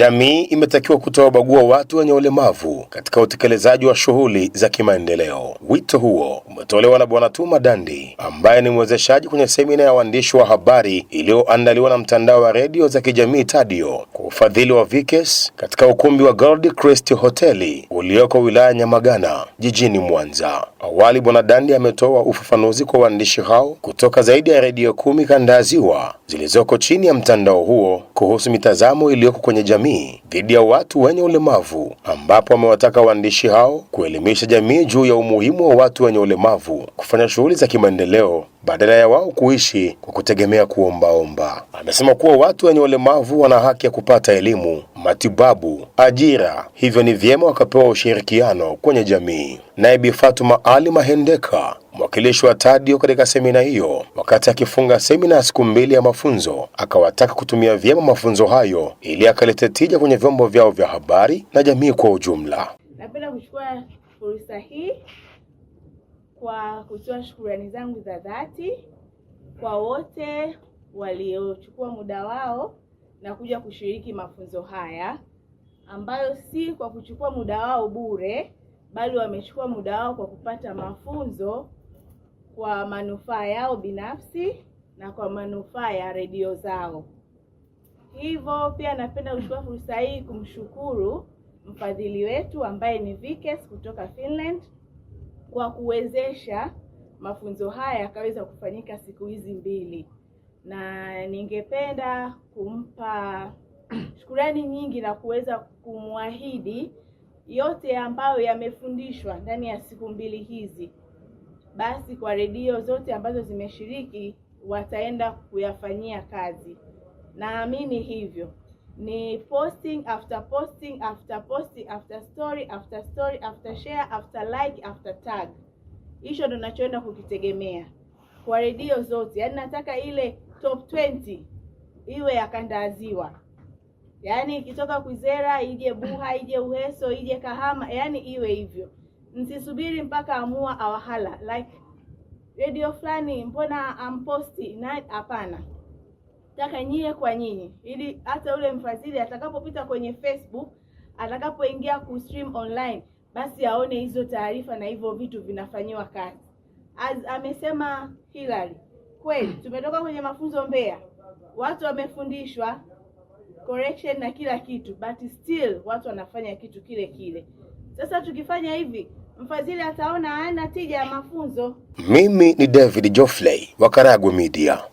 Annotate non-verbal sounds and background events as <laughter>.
Jamii imetakiwa kutowabagua watu wenye ulemavu katika utekelezaji wa shughuli za kimaendeleo. Wito huo umetolewa na Bwana Tuma Dandi ambaye ni mwezeshaji kwenye semina ya waandishi wa habari iliyoandaliwa na mtandao wa redio za kijamii Tadio kwa ufadhili wa Vikes katika ukumbi wa Gold Crest hoteli ulioko wilaya Nyamagana jijini Mwanza. Awali Bwana Dandi ametoa ufafanuzi kwa waandishi hao kutoka zaidi ya redio kumi kanda ya Ziwa zilizoko chini ya mtandao huo kuhusu mitazamo iliyoko kwenye jamii jamii dhidi ya watu wenye ulemavu, ambapo amewataka waandishi hao kuelimisha jamii juu ya umuhimu wa watu wenye ulemavu kufanya shughuli za kimaendeleo badala ya wao kuishi kwa kutegemea kuombaomba amesema kuwa watu wenye ulemavu wana haki ya kupata elimu, matibabu, ajira, hivyo ni vyema wakapewa ushirikiano kwenye jamii. Naye Bi Fatuma Ali Mahendeka, mwakilishi wa TADIO katika semina hiyo, wakati akifunga semina ya siku mbili ya mafunzo, akawataka kutumia vyema mafunzo hayo ili akalete tija kwenye vyombo vyao vya habari na jamii kwa ujumla. Napenda kuchukua fursa hii kwa kutoa shukurani zangu za dhati kwa wote waliochukua muda wao na kuja kushiriki mafunzo haya ambayo si kwa kuchukua muda wao bure, bali wamechukua muda wao kwa kupata mafunzo kwa manufaa yao binafsi na kwa manufaa ya redio zao. Hivyo pia napenda kuchukua fursa hii kumshukuru mfadhili wetu ambaye ni Vikes kutoka Finland kwa kuwezesha mafunzo haya yakaweza kufanyika siku hizi mbili na ningependa kumpa <clears throat> shukurani nyingi na kuweza kumwahidi yote ambayo yamefundishwa ndani ya siku mbili hizi, basi kwa redio zote ambazo zimeshiriki wataenda kuyafanyia kazi. Naamini hivyo, ni posting after posting after posting after story after story after share after like after tag. Hicho ndo nachoenda kukitegemea kwa redio zote, yaani nataka ile top 20 iwe ya kanda ya Ziwa, yaani ikitoka Kwizera ije Buha <coughs> ije Uheso ije Kahama, yaani iwe hivyo. Msisubiri mpaka amua awahala like radio fulani, mbona amposti na? Hapana, taka nyie kwa nyinyi, ili hata ule mfadhili atakapopita kwenye Facebook, atakapoingia kustream online, basi aone hizo taarifa na hivyo vitu vinafanyiwa kazi. As amesema Hillary kweli tumetoka kwenye mafunzo Mbeya, watu wamefundishwa correction na kila kitu, but still watu wanafanya kitu kile kile. Sasa tukifanya hivi mfadhili ataona hana tija ya mafunzo. Mimi ni David Jofley wa Karagwe Media.